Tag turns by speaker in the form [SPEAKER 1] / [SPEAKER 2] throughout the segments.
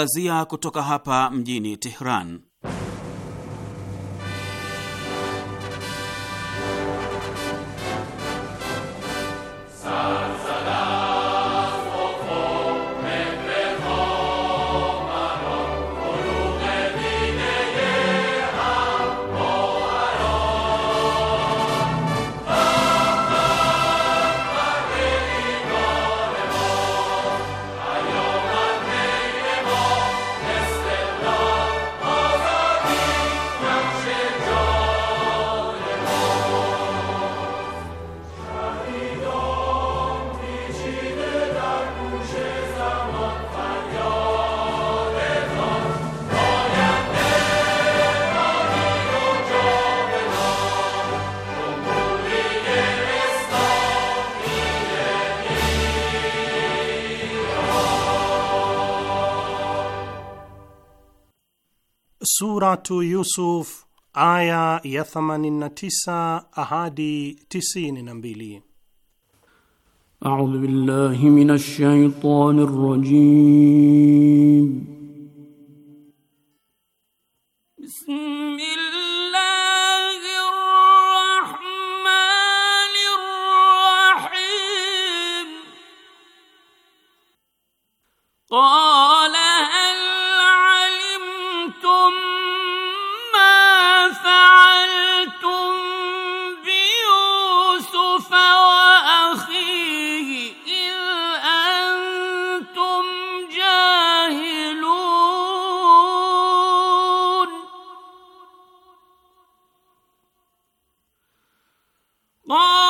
[SPEAKER 1] Azia kutoka hapa mjini Tehran.
[SPEAKER 2] Suratu Yusuf aya ya na tisa ahadi 92.
[SPEAKER 3] A'udhu billahi minash shaitanir rajim. Bismillah قال Oh.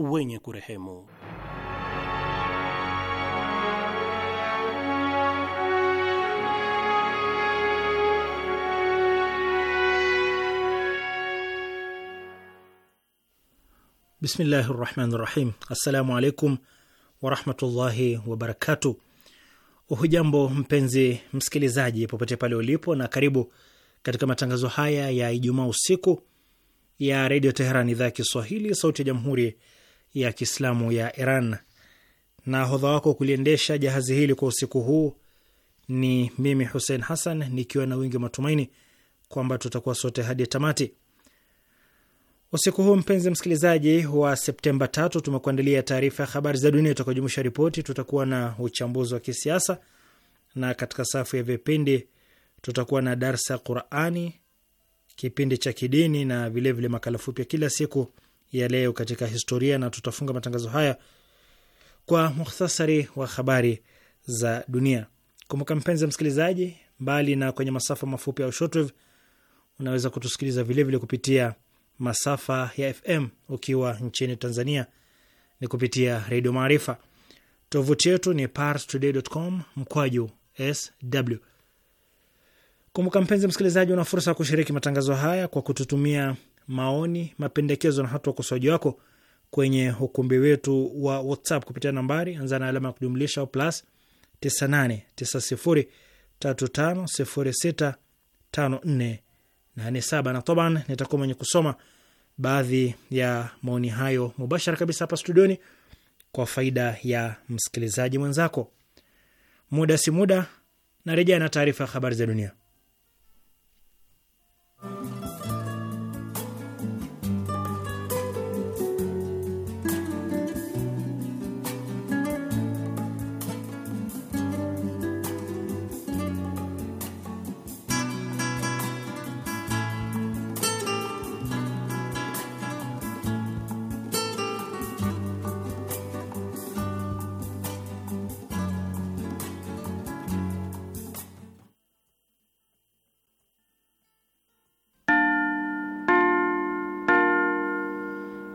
[SPEAKER 2] wenye kurehemu.
[SPEAKER 4] Bismillahi rahmani rahim. Assalamu alaikum warahmatullahi wabarakatu. Hujambo mpenzi msikilizaji, popote pale ulipo, na karibu katika matangazo haya ya Ijumaa usiku ya redio Teheran, idhaa ya Kiswahili, sauti ya jamhuri ya Kiislamu ya Iran. Nahodha wako kuliendesha jahazi hili kwa usiku huu ni mimi Hussein Hassan, nikiwa na wingi wa matumaini kwamba tutakuwa sote hadi tamati usiku huu. Mpenzi msikilizaji, wa Septemba tatu, tumekuandalia taarifa ya habari za dunia itakayojumuisha ripoti, tutakuwa na uchambuzi wa kisiasa, na katika safu ya vipindi tutakuwa na darsa ya Qurani, kipindi cha kidini na vilevile makala fupi ya kila siku ya leo katika historia, na tutafunga matangazo haya kwa muhtasari wa habari za dunia. Kumbuka mpenzi msikilizaji, mbali na kwenye masafa mafupi au shortwave, unaweza kutusikiliza vilevile vile kupitia masafa ya FM ukiwa nchini Tanzania ni kupitia Redio Maarifa. Tovuti yetu ni parstoday.com mkwaju sw. Kumbuka mpenzi msikilizaji, una fursa ya kushiriki matangazo haya kwa kututumia maoni, mapendekezo na hata ukosoaji wako kwenye ukumbi wetu wa WhatsApp kupitia nambari anza na alama ya kujumlisha plus 989035065487 na toban, nitakuwa mwenye kusoma baadhi ya maoni hayo mubashara kabisa hapa studioni kwa faida ya msikilizaji mwenzako. Muda si muda narejea na taarifa ya habari za dunia.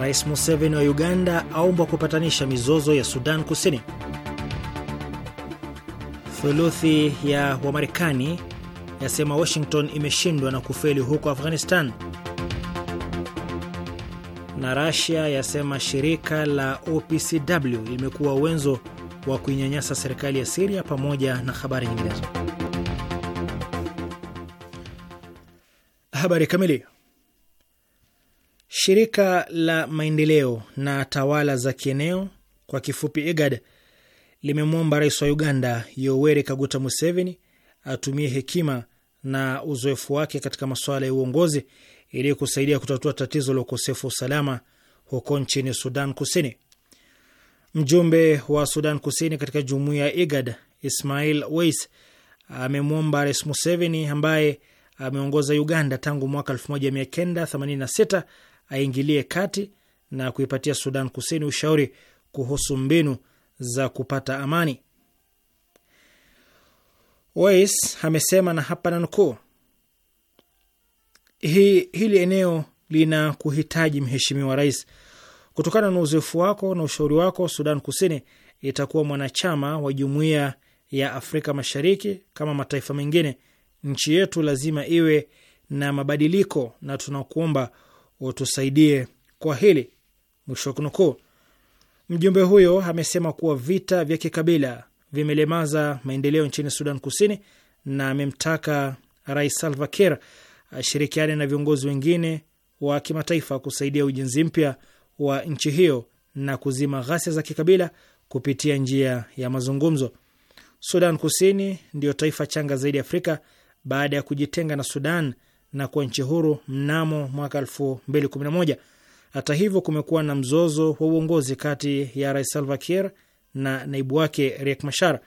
[SPEAKER 4] Rais Museveni wa Uganda aombwa kupatanisha mizozo ya Sudan Kusini. Thuluthi ya Wamarekani yasema Washington imeshindwa na kufeli huko Afghanistan, na Rasia yasema shirika la OPCW limekuwa wenzo wa kuinyanyasa serikali ya Siria, pamoja na habari nyinginezo. Habari kamili Shirika la maendeleo na tawala za kieneo kwa kifupi IGAD limemwomba rais wa Uganda Yoweri Kaguta Museveni atumie hekima na uzoefu wake katika masuala ya uongozi ili kusaidia kutatua tatizo la ukosefu wa usalama huko nchini Sudan Kusini. Mjumbe wa Sudan Kusini katika jumuiya ya IGAD Ismail Weis amemwomba Rais Museveni ambaye ameongoza Uganda tangu mwaka 1986 aingilie kati na kuipatia Sudan Kusini ushauri kuhusu mbinu za kupata amani. Wais amesema na hapa nanukuu, hi, hili eneo lina kuhitaji Mheshimiwa Rais, kutokana na uzoefu wako na ushauri wako, Sudan Kusini itakuwa mwanachama wa Jumuiya ya Afrika Mashariki kama mataifa mengine. Nchi yetu lazima iwe na mabadiliko, na tunakuomba utusaidie kwa hili, mwisho wa kunukuu. Mjumbe huyo amesema kuwa vita vya kikabila vimelemaza maendeleo nchini Sudan Kusini na amemtaka Rais Salva Kiir ashirikiane na viongozi wengine wa kimataifa kusaidia ujenzi mpya wa nchi hiyo na kuzima ghasia za kikabila kupitia njia ya mazungumzo. Sudan Kusini ndiyo taifa changa zaidi Afrika baada ya kujitenga na Sudan na kuwa nchi huru mnamo mwaka moja. Hata hivyo, kumekuwa na mzozo wa uongozi kati ya Rais Salva Kiir na naibu wake Riek Machar.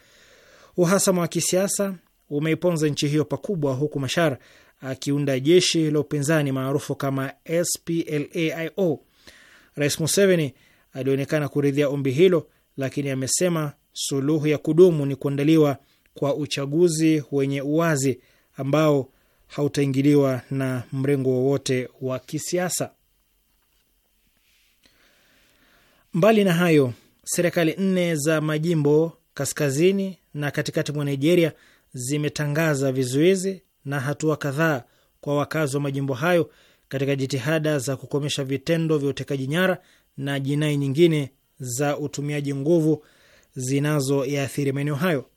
[SPEAKER 4] Uhasama wa kisiasa umeiponza nchi hiyo pakubwa, huku Machar akiunda jeshi la upinzani maarufu kama SPLAIO. Rais Museveni alionekana kuridhia ombi hilo, lakini amesema suluhu ya kudumu ni kuandaliwa kwa uchaguzi wenye uwazi ambao hautaingiliwa na mrengo wowote wa kisiasa. Mbali na hayo, serikali nne za majimbo kaskazini na katikati mwa Nigeria zimetangaza vizuizi na hatua kadhaa kwa wakazi wa majimbo hayo katika jitihada za kukomesha vitendo vya utekaji nyara na jinai nyingine za utumiaji nguvu zinazoyaathiri maeneo hayo.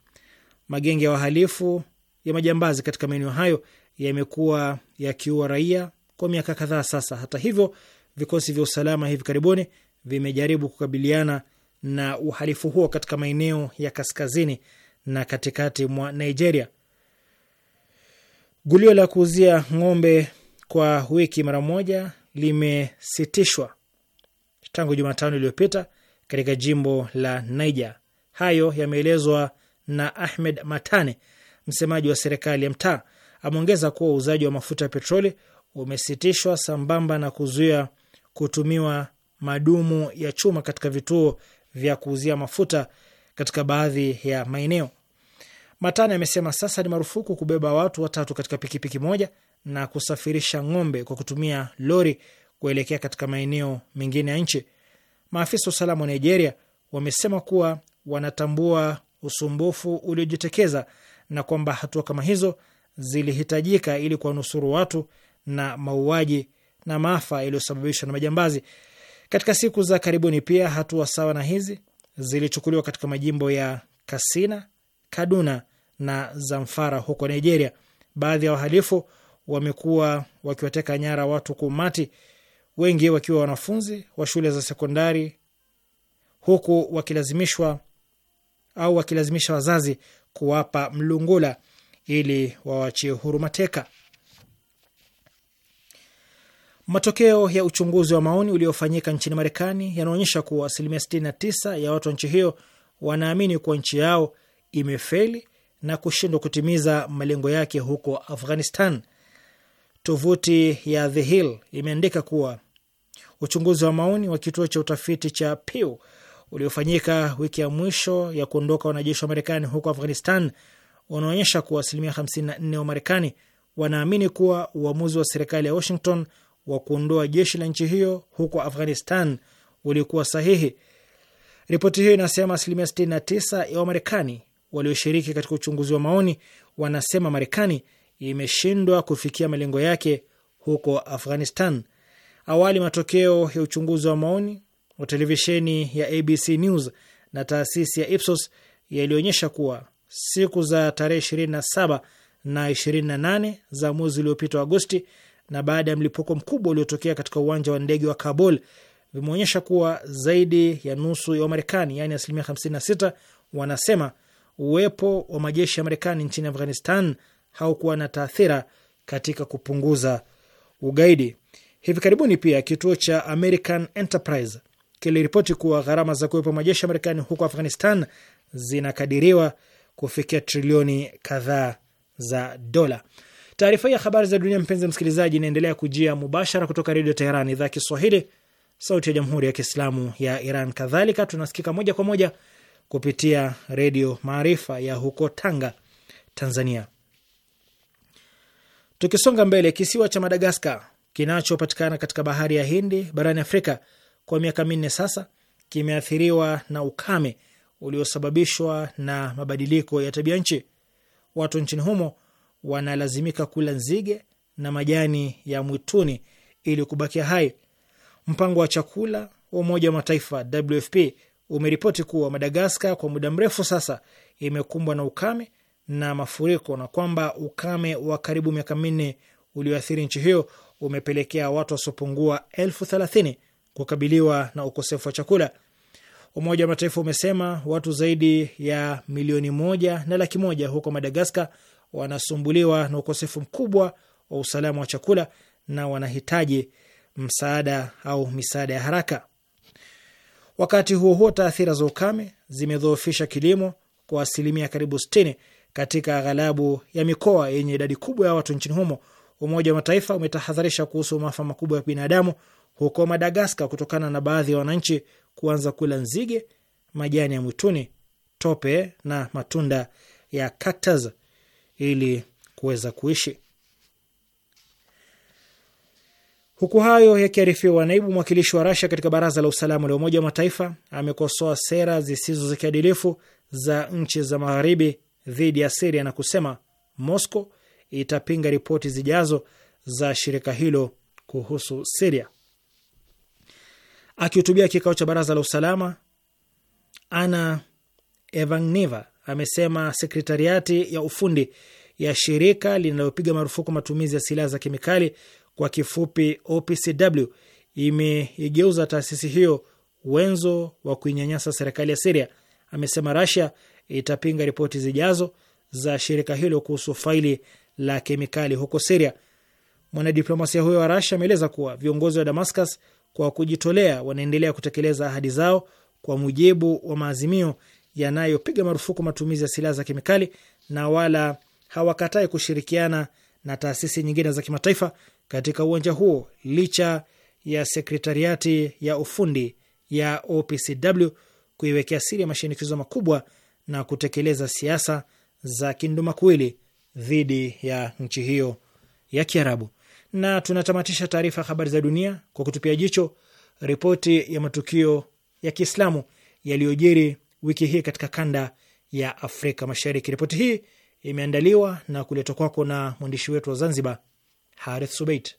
[SPEAKER 4] Magenge ya wahalifu ya majambazi katika maeneo hayo yamekuwa yakiua raia kwa miaka kadhaa sasa. Hata hivyo, vikosi vya usalama hivi karibuni vimejaribu kukabiliana na uhalifu huo katika maeneo ya kaskazini na katikati mwa Nigeria. Gulio la kuuzia ng'ombe kwa wiki mara moja limesitishwa tangu Jumatano iliyopita katika jimbo la Niger. Hayo yameelezwa na Ahmed Matane, msemaji wa serikali ya mtaa. Ameongeza kuwa uuzaji wa mafuta ya petroli umesitishwa sambamba na kuzuia kutumiwa madumu ya chuma katika vituo vya kuuzia mafuta katika baadhi ya maeneo. Matani amesema sasa ni marufuku kubeba watu watatu katika pikipiki moja na kusafirisha ng'ombe kwa kutumia lori kuelekea katika maeneo mengine ya nchi. Maafisa wa usalama wa Nigeria wamesema kuwa wanatambua usumbufu uliojitokeza na kwamba hatua kama hizo zilihitajika ili kuwanusuru watu na mauaji na maafa yaliyosababishwa na majambazi. Katika siku za karibuni pia hatua sawa na hizi zilichukuliwa katika majimbo ya Kasina, Kaduna na Zamfara huko Nigeria. Baadhi ya wahalifu wamekuwa wakiwateka nyara watu kumati, wengi wakiwa wanafunzi wa shule za sekondari, huku wakilazimishwa au wakilazimisha wazazi kuwapa mlungula ili wawachie huru mateka. Matokeo ya uchunguzi wa maoni uliofanyika nchini Marekani yanaonyesha kuwa asilimia 69 ya watu wa nchi hiyo wanaamini kuwa nchi yao imefeli na kushindwa kutimiza malengo yake huko Afghanistan. Tovuti ya The Hill imeandika kuwa uchunguzi wa maoni wa kituo cha utafiti cha Pew uliofanyika wiki ya mwisho ya kuondoka wanajeshi wa Marekani huko Afghanistan unaonyesha kuwa asilimia 54 wa Marekani wanaamini kuwa uamuzi wa serikali ya Washington wa kuondoa jeshi la nchi hiyo huko Afghanistan ulikuwa sahihi. Ripoti hiyo inasema asilimia 69 ya Wamarekani walioshiriki katika uchunguzi wa maoni wanasema Marekani imeshindwa kufikia malengo yake huko Afghanistan. Awali, matokeo ya uchunguzi wa maoni wa televisheni ya ABC News na taasisi ya Ipsos yalionyesha kuwa siku za tarehe ishirini na 28 za mwezi uliopita Agosti, na baada ya mlipuko mkubwa uliotokea katika uwanja wa ndege wa Kabul vimeonyesha kuwa zaidi ya nusu ya Wamarekani, yaani asilimia sita, wanasema uwepo wa majeshi ya Marekani nchini Afghanistan haukuwa na taathira katika kupunguza ugaidi. Hivi karibuni pia kituo cha American Enterprise kiliripoti kuwa gharama za kuwepo majeshi ya Marekani huko Afghanistan zinakadiriwa kufikia trilioni kadhaa za dola. Taarifa hii ya habari za dunia, mpenzi msikilizaji, inaendelea kujia mubashara kutoka Redio Teheran, idhaa Kiswahili, sauti ya Jamhuri ya Kiislamu ya Iran. Kadhalika tunasikika moja kwa moja kupitia Redio Maarifa ya huko Tanga, Tanzania. Tukisonga mbele, kisiwa cha Madagaskar kinachopatikana katika bahari ya Hindi barani Afrika kwa miaka minne sasa kimeathiriwa na ukame uliosababishwa na mabadiliko ya tabia nchi. Watu nchini humo wanalazimika kula nzige na majani ya mwituni ili kubakia hai. Mpango wa chakula wa Umoja wa Mataifa WFP umeripoti kuwa Madagaskar kwa muda mrefu sasa imekumbwa na ukame na mafuriko na kwamba ukame wa karibu miaka minne ulioathiri nchi hiyo umepelekea watu wasiopungua elfu thelathini kukabiliwa na ukosefu wa chakula. Umoja wa Mataifa umesema watu zaidi ya milioni moja na laki moja huko Madagaskar wanasumbuliwa na ukosefu mkubwa wa usalama wa chakula na wanahitaji msaada au misaada ya haraka. Wakati huo huo, taathira za ukame zimedhoofisha kilimo kwa asilimia karibu 60 katika ghalabu ya mikoa yenye idadi kubwa ya watu nchini humo. Umoja wa Mataifa umetahadharisha kuhusu maafa makubwa ya binadamu huko Madagaskar kutokana na baadhi ya wananchi kuanza kula nzige, majani ya mwituni, tope na matunda ya cactus ili kuweza kuishi. Huku hayo yakiarifiwa, naibu mwakilishi wa Rasia katika Baraza la Usalama la Umoja wa Mataifa amekosoa sera zisizo za kiadilifu za nchi za Magharibi dhidi ya Siria na kusema Moscow itapinga ripoti zijazo za shirika hilo kuhusu Siria. Akihutubia kikao cha baraza la usalama, Ana Evangneva amesema sekretariati ya ufundi ya shirika linalopiga marufuku matumizi ya silaha za kemikali kwa kifupi OPCW imeigeuza taasisi hiyo wenzo wa kuinyanyasa serikali ya Siria. Amesema Rasia itapinga ripoti zijazo za shirika hilo kuhusu faili la kemikali huko Siria. Mwanadiplomasia huyo wa Rasia ameeleza kuwa viongozi wa Damascus kwa kujitolea wanaendelea kutekeleza ahadi zao kwa mujibu wa maazimio yanayopiga marufuku matumizi ya silaha za kemikali na wala hawakatai kushirikiana na taasisi nyingine za kimataifa katika uwanja huo licha ya sekretariati ya ufundi ya OPCW kuiwekea siri ya mashinikizo makubwa na kutekeleza siasa za kindumakuwili dhidi ya nchi hiyo ya Kiarabu na tunatamatisha taarifa ya habari za dunia kwa kutupia jicho ripoti ya matukio ya Kiislamu yaliyojiri wiki hii katika kanda ya Afrika Mashariki. Ripoti hii imeandaliwa na kuletwa kwako na mwandishi wetu wa Zanzibar, Harith Subeit.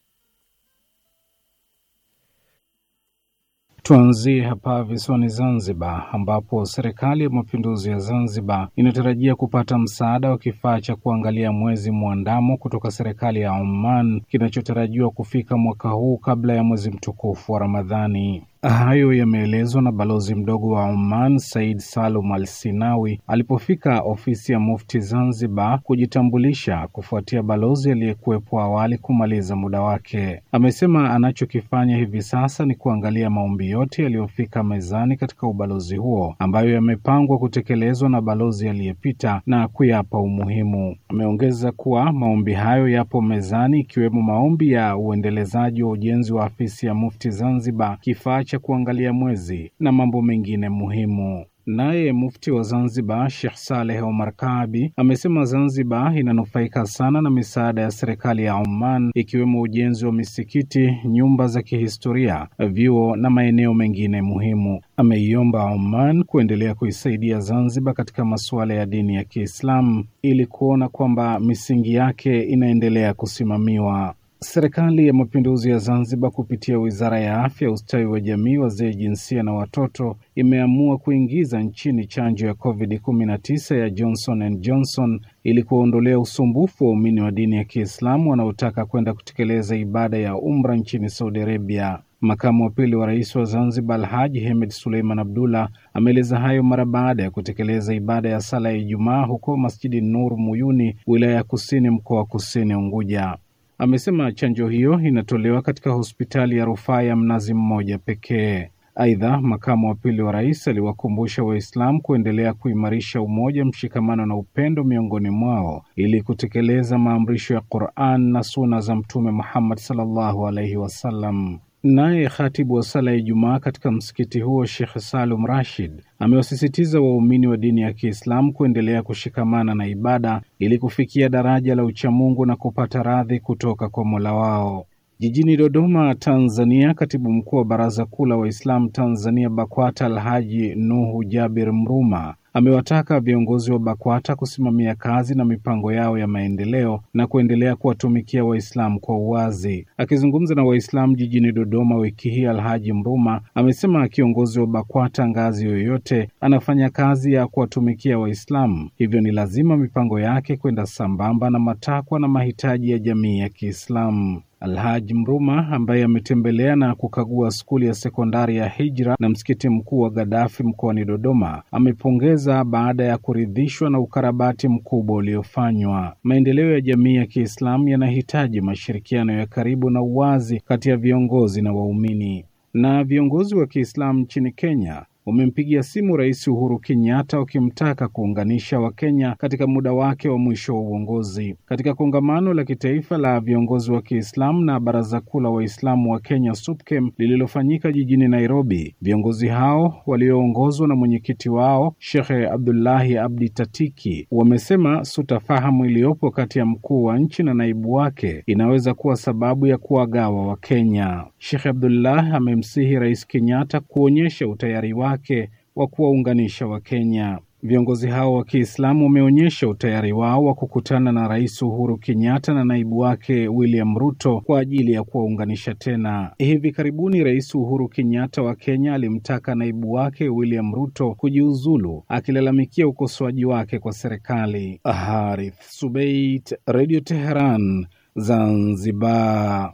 [SPEAKER 5] Tuanzie hapa visiwani Zanzibar, ambapo serikali ya mapinduzi ya Zanzibar inatarajia kupata msaada wa kifaa cha kuangalia mwezi mwandamo kutoka serikali ya Oman kinachotarajiwa kufika mwaka huu kabla ya mwezi mtukufu wa Ramadhani. Hayo yameelezwa na balozi mdogo wa Oman Said Salum Al Sinawi alipofika ofisi ya Mufti Zanzibar kujitambulisha kufuatia balozi aliyekuwepo awali kumaliza muda wake. Amesema anachokifanya hivi sasa ni kuangalia maombi yote yaliyofika mezani katika ubalozi huo ambayo yamepangwa kutekelezwa na balozi aliyepita na kuyapa umuhimu. Ameongeza kuwa maombi hayo yapo mezani, ikiwemo maombi ya uendelezaji wa ujenzi wa afisi ya Mufti Zanzibar, kifaa cha kuangalia mwezi na mambo mengine muhimu. Naye mufti wa Zanzibar Sheikh Saleh Omar Kaabi amesema Zanzibar inanufaika sana na misaada ya serikali ya Oman, ikiwemo ujenzi wa misikiti, nyumba za kihistoria, vyuo na maeneo mengine muhimu. Ameiomba Oman kuendelea kuisaidia Zanzibar katika masuala ya dini ya Kiislamu ili kuona kwamba misingi yake inaendelea kusimamiwa. Serikali ya Mapinduzi ya Zanzibar kupitia Wizara ya Afya, Ustawi wa Jamii, Wazee, Jinsia na Watoto imeamua kuingiza nchini chanjo ya COVID-19 ya Johnson and Johnson ili kuwaondolea usumbufu wa waumini wa dini ya Kiislamu wanaotaka kwenda kutekeleza ibada ya umra nchini Saudi Arabia. Makamu wa pili wa rais wa Zanzibar Alhaji Hemed Suleiman Abdullah ameeleza hayo mara baada ya kutekeleza ibada ya sala ya Ijumaa huko Masjidi Nur Muyuni, wilaya ya Kusini, mkoa wa Kusini Unguja. Amesema chanjo hiyo inatolewa katika hospitali ya rufaa ya Mnazi Mmoja pekee. Aidha, makamu wa pili wa rais aliwakumbusha Waislamu kuendelea kuimarisha umoja, mshikamano na upendo miongoni mwao ili kutekeleza maamrisho ya Quran na suna za Mtume Muhammad sallallahu alaihi wasallam. Naye khatibu wa sala ya Ijumaa katika msikiti huo Shekh Salum Rashid amewasisitiza waumini wa dini ya Kiislamu kuendelea kushikamana na ibada ili kufikia daraja la uchamungu na kupata radhi kutoka kwa Mola wao. Jijini Dodoma, Tanzania, katibu mkuu wa Baraza Kuu la Waislamu Tanzania BAKWATA Alhaji Nuhu Jabir Mruma Amewataka viongozi wa BAKWATA kusimamia kazi na mipango yao ya maendeleo na kuendelea kuwatumikia Waislamu kwa uwazi. Akizungumza na Waislamu jijini Dodoma wiki hii, Alhaji Mruma amesema kiongozi wa BAKWATA ngazi yoyote anafanya kazi ya kuwatumikia Waislamu, hivyo ni lazima mipango yake kwenda sambamba na matakwa na mahitaji ya jamii ya Kiislamu. Alhaj Mruma ambaye ametembelea na kukagua skuli ya sekondari ya Hijra na msikiti mkuu wa Gadafi mkoani Dodoma amepongeza baada ya kuridhishwa na ukarabati mkubwa uliofanywa. Maendeleo ya jamii ya Kiislamu yanahitaji mashirikiano ya karibu na uwazi kati ya viongozi na waumini. Na viongozi wa Kiislamu nchini Kenya umempigia simu Rais Uhuru Kenyatta ukimtaka kuunganisha Wakenya katika muda wake wa mwisho wa uongozi. Katika kongamano la kitaifa la viongozi wa Kiislamu na Baraza Kuu la Waislamu wa Kenya SUPKEM lililofanyika jijini Nairobi, viongozi hao walioongozwa na mwenyekiti wao Shekhe Abdullahi Abdi Tatiki wamesema sutafahamu iliyopo kati ya mkuu wa nchi na naibu wake inaweza kuwa sababu ya kuwagawa Wakenya. Shekhe Abdullah amemsihi Rais Kenyatta kuonyesha utayari wake wake wa kuwaunganisha Wakenya. Viongozi hao wa Kiislamu wameonyesha utayari wao wa kukutana na Rais Uhuru Kenyatta na naibu wake William Ruto kwa ajili ya kuwaunganisha tena. Hivi karibuni Rais Uhuru Kenyatta wa Kenya alimtaka naibu wake William Ruto kujiuzulu, akilalamikia ukosoaji wake kwa serikali. Harith Subeit, Radio Teheran, Zanzibar.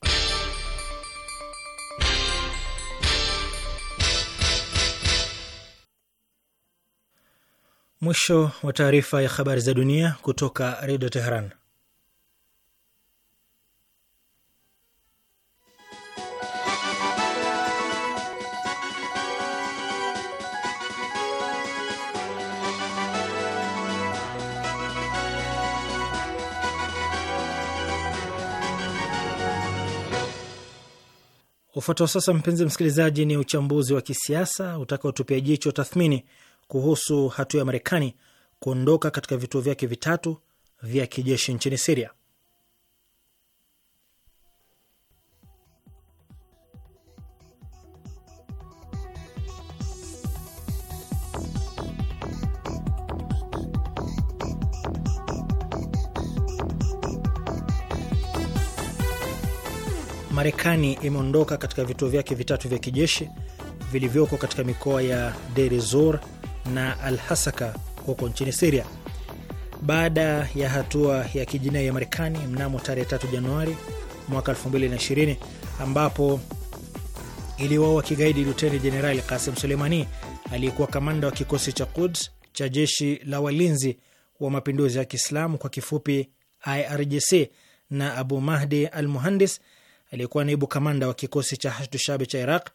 [SPEAKER 4] Mwisho wa taarifa ya habari za dunia kutoka Redio Teheran. Ufuatao sasa, mpenzi msikilizaji, ni uchambuzi wa kisiasa utakaotupia jicho tathmini kuhusu hatua ya Marekani kuondoka katika vituo vyake vitatu vya kijeshi nchini Siria. Marekani imeondoka katika vituo vyake vitatu vya kijeshi vilivyoko katika mikoa ya Deir na Alhasaka huko nchini Siria. Baada ya hatua ya kijinai ya Marekani mnamo tarehe 3 Januari mwaka 2020 ambapo iliwaua kigaidi Luteni Jenerali Kasim Suleimani aliyekuwa kamanda wa kikosi cha Quds cha jeshi la walinzi wa mapinduzi ya Kiislamu kwa kifupi IRGC na Abu Mahdi al Muhandis aliyekuwa naibu kamanda wa kikosi cha Hashdu Shabi cha Iraq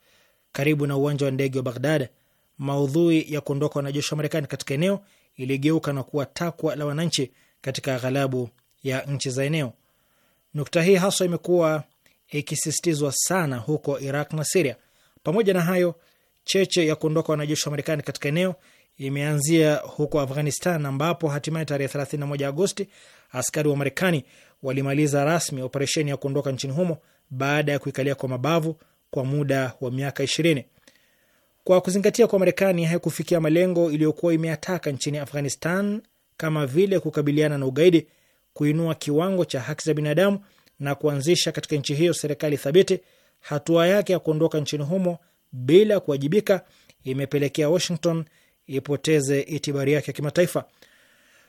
[SPEAKER 4] karibu na uwanja wa ndege wa Baghdad maudhui ya kuondoka wanajeshi wa Marekani katika eneo iligeuka na kuwa takwa la wananchi katika ghalabu ya nchi za eneo. Nukta hii haswa imekuwa ikisisitizwa sana huko Iraq na Siria. Pamoja na hayo, cheche ya kuondoka wanajeshi wa Marekani katika eneo imeanzia huko Afghanistan, ambapo hatimaye tarehe 31 Agosti askari wa Marekani walimaliza rasmi operesheni ya kuondoka nchini humo baada ya kuikalia kwa mabavu kwa muda wa miaka ishirini. Kwa kuzingatia kwa Marekani haikufikia malengo iliyokuwa imeyataka nchini Afghanistan kama vile kukabiliana na ugaidi, kuinua kiwango cha haki za binadamu na kuanzisha katika nchi hiyo serikali thabiti, hatua yake ya kuondoka nchini humo bila kuwajibika imepelekea Washington ipoteze itibari yake ya kimataifa.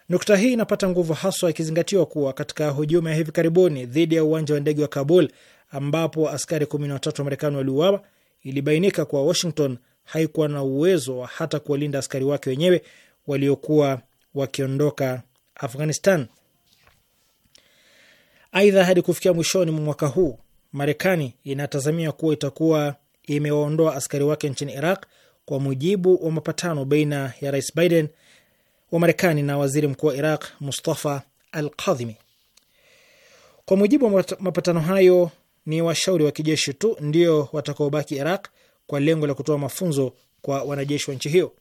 [SPEAKER 4] Nukta hii inapata nguvu haswa ikizingatiwa kuwa katika hujuma ya hivi karibuni dhidi ya uwanja wa ndege wa Kabul ambapo askari 13 wa Marekani waliuawa, ilibainika kuwa Washington haikuwa na uwezo wa hata kuwalinda askari wake wenyewe waliokuwa wakiondoka Afghanistan. Aidha, hadi kufikia mwishoni mwa mwaka huu Marekani inatazamia kuwa itakuwa imewaondoa askari wake nchini Iraq kwa mujibu wa mapatano baina ya Rais Biden wa Marekani na waziri mkuu wa Iraq Mustafa Al Kadhimi. Kwa mujibu wa mapatano hayo, ni washauri wa kijeshi tu ndio watakaobaki Iraq kwa lengo la kutoa mafunzo kwa wanajeshi wa nchi hiyo.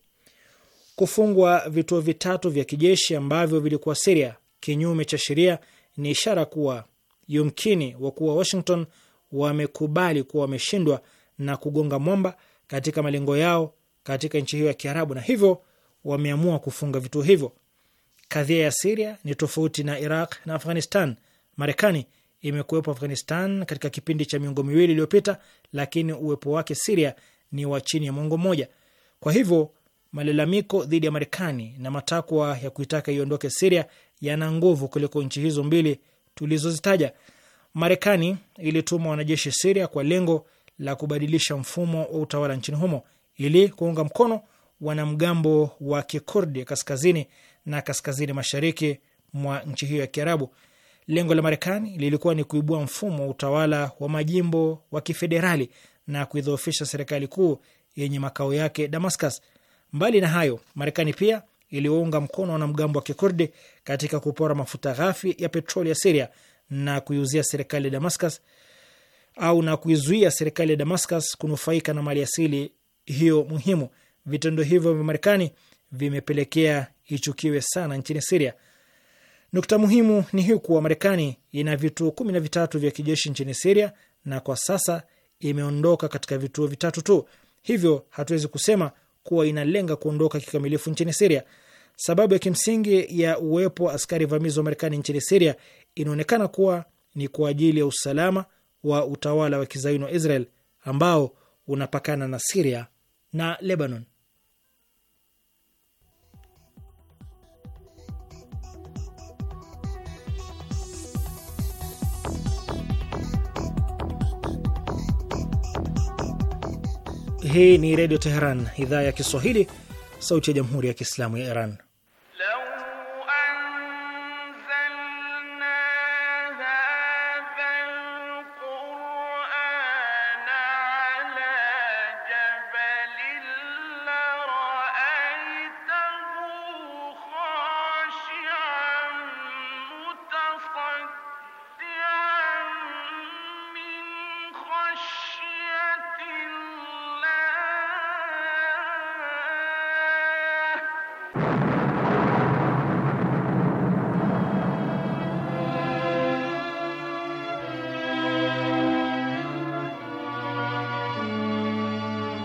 [SPEAKER 4] Kufungwa vituo vitatu vya kijeshi ambavyo vilikuwa Siria kinyume cha sheria ni ishara kuwa yumkini wakuu wa Washington wamekubali kuwa wameshindwa na kugonga mwamba katika malengo yao katika nchi hiyo ya Kiarabu, na hivyo wameamua kufunga vituo hivyo. Kadhia ya Siria ni tofauti na Iraq na Afghanistan. Marekani imekuwepo Afghanistan katika kipindi cha miongo miwili iliyopita, lakini uwepo wake Siria ni wa chini ya mwongo mmoja. Kwa hivyo malalamiko dhidi ya Marekani na matakwa ya kuitaka iondoke Siria yana nguvu kuliko nchi hizo mbili tulizozitaja. Marekani ilituma wanajeshi Siria kwa lengo la kubadilisha mfumo wa utawala nchini humo ili kuunga mkono wanamgambo wa kikurdi kaskazini na kaskazini mashariki mwa nchi hiyo ya Kiarabu. Lengo la Marekani lilikuwa ni kuibua mfumo wa utawala wa majimbo wa kifederali na kuidhoofisha serikali kuu yenye makao yake Damascus. Mbali na hayo, Marekani pia iliwaunga mkono wanamgambo wa kikurdi katika kupora mafuta ghafi ya petroli ya Siria na kuiuzia serikali ya Damascus au na kuizuia serikali ya Damascus kunufaika na mali asili hiyo muhimu. Vitendo hivyo vya Marekani vimepelekea ichukiwe sana nchini Siria. Nukta muhimu ni hii kuwa Marekani ina vituo kumi na vitatu vya kijeshi nchini Siria na kwa sasa imeondoka katika vituo vitatu tu, hivyo hatuwezi kusema kuwa inalenga kuondoka kikamilifu nchini Siria. Sababu ya kimsingi ya uwepo wa askari vamizi wa Marekani nchini Siria inaonekana kuwa ni kwa ajili ya usalama wa utawala wa kizayuni wa Israel ambao unapakana na Siria na Lebanon. Hii ni Redio Teheran, idhaa ya Kiswahili, sauti ya Jamhuri ya Kiislamu ya Iran.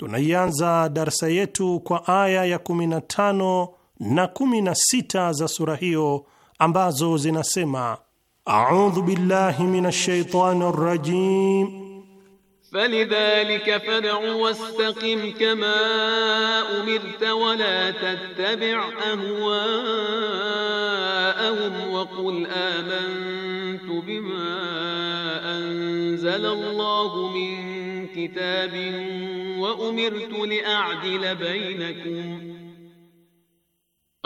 [SPEAKER 2] Tunaianza darsa yetu kwa aya ya 15 na 16 za sura hiyo ambazo zinasema: audhu billahi minash shaitani rajim
[SPEAKER 6] Falidhalika fad'u wastaqim kama umirta wala tattabi' ahwa'ahum wa qul amantu bima أنزل الله من كتاب وأمرت لأعدل بينكم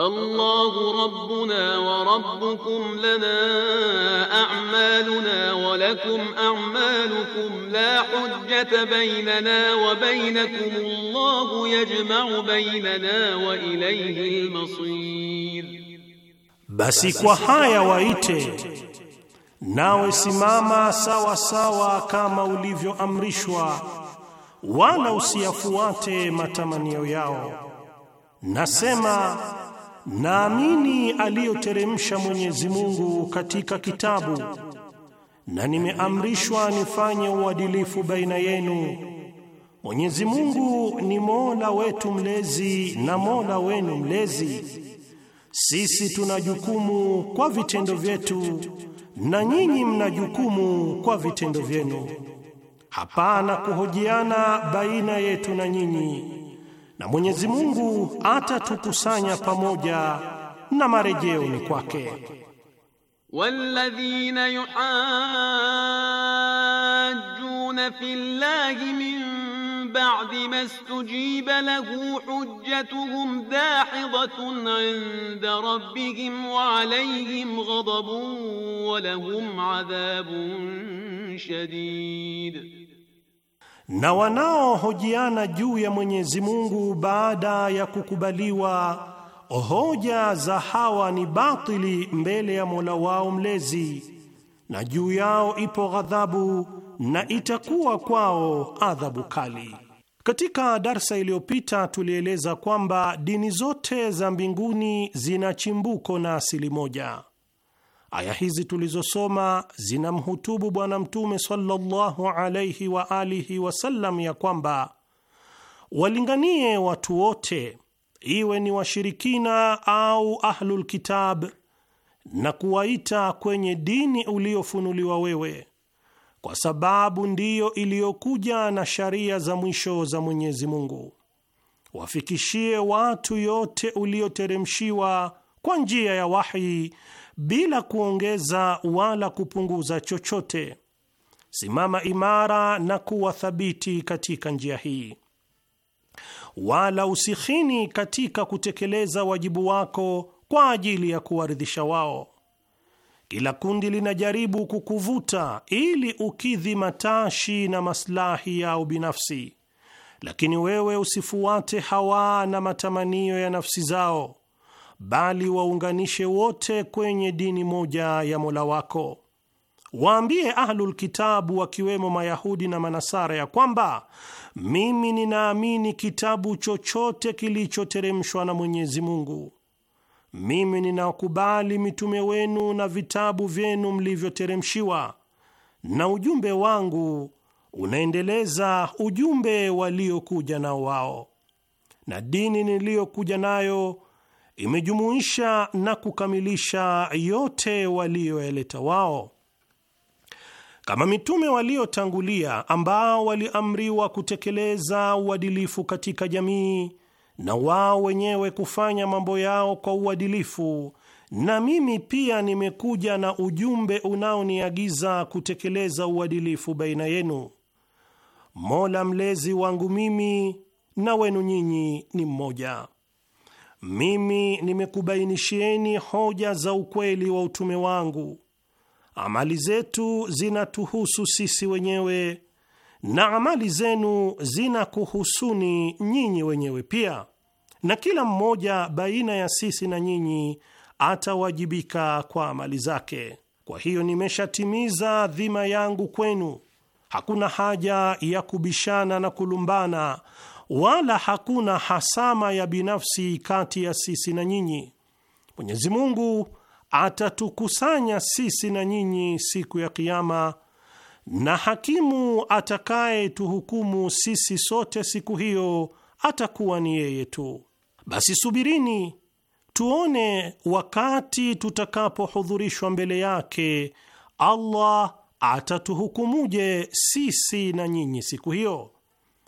[SPEAKER 6] الله ربنا وربكم لنا أعمالنا ولكم أعمالكم لا حجة بيننا وبينكم الله يجمع بيننا وإليه المصير
[SPEAKER 2] بس kwa وإيتي nawe simama sawa sawa kama ulivyoamrishwa, wala usiyafuate matamanio yao. Nasema naamini aliyoteremsha Mwenyezi Mungu katika kitabu, na nimeamrishwa nifanye uadilifu baina yenu. Mwenyezi Mungu ni Mola wetu mlezi na Mola wenu mlezi. Sisi tuna jukumu kwa vitendo vyetu na nyinyi mna jukumu kwa vitendo vyenu. Hapana kuhojiana baina yetu na nyinyi, na Mwenyezi Mungu atatukusanya pamoja na marejeo ni kwake.
[SPEAKER 6] walladhina yuhajjuna fillahi min ba'di ma stujība lahu hujjatuhum dāhidatun 'inda rabbihim wa 'alayhim ghadabun wa lahum 'adhābun shadīd
[SPEAKER 2] na wanaohojiana juu ya Mwenyezi Mungu baada ya kukubaliwa hoja za hawa ni batili mbele ya Mola wao mlezi, na juu yao ipo ghadhabu na itakuwa kwao adhabu kali. Katika darsa iliyopita tulieleza kwamba dini zote za mbinguni zina chimbuko na asili moja. Aya hizi tulizosoma zinamhutubu Bwana Mtume sallallahu alaihi wa alihi wasallam ya kwamba walinganie watu wote, iwe ni washirikina au ahlulkitab, na kuwaita kwenye dini uliofunuliwa wewe kwa sababu ndiyo iliyokuja na sharia za mwisho za Mwenyezi Mungu. Wafikishie watu yote ulioteremshiwa kwa njia ya wahi bila kuongeza wala kupunguza chochote. Simama imara na kuwa thabiti katika njia hii, wala usikhini katika kutekeleza wajibu wako kwa ajili ya kuwaridhisha wao. Kila kundi linajaribu kukuvuta ili ukidhi matashi na maslahi yao binafsi, lakini wewe usifuate hawa na matamanio ya nafsi zao, bali waunganishe wote kwenye dini moja ya Mola wako. Waambie Ahlul Kitabu wakiwemo Mayahudi na Manasara ya kwamba mimi ninaamini kitabu chochote kilichoteremshwa na Mwenyezi Mungu mimi ninakubali mitume wenu na vitabu vyenu mlivyoteremshiwa, na ujumbe wangu unaendeleza ujumbe waliokuja nao wao, na dini niliyokuja nayo imejumuisha na kukamilisha yote waliyoyaleta wao, kama mitume waliotangulia ambao waliamriwa kutekeleza uadilifu katika jamii na wao wenyewe kufanya mambo yao kwa uadilifu, na mimi pia nimekuja na ujumbe unaoniagiza kutekeleza uadilifu baina yenu. Mola mlezi wangu mimi na wenu nyinyi ni mmoja. Mimi nimekubainishieni hoja za ukweli wa utume wangu. Amali zetu zinatuhusu sisi wenyewe na amali zenu zinakuhusuni nyinyi wenyewe pia, na kila mmoja baina ya sisi na nyinyi atawajibika kwa amali zake. Kwa hiyo nimeshatimiza dhima yangu kwenu, hakuna haja ya kubishana na kulumbana, wala hakuna hasama ya binafsi kati ya sisi na nyinyi. Mwenyezi Mungu atatukusanya sisi na nyinyi siku ya Kiama na hakimu atakayetuhukumu sisi sote siku hiyo atakuwa ni yeye tu. Basi subirini tuone wakati tutakapohudhurishwa mbele yake Allah atatuhukumuje sisi na nyinyi siku hiyo.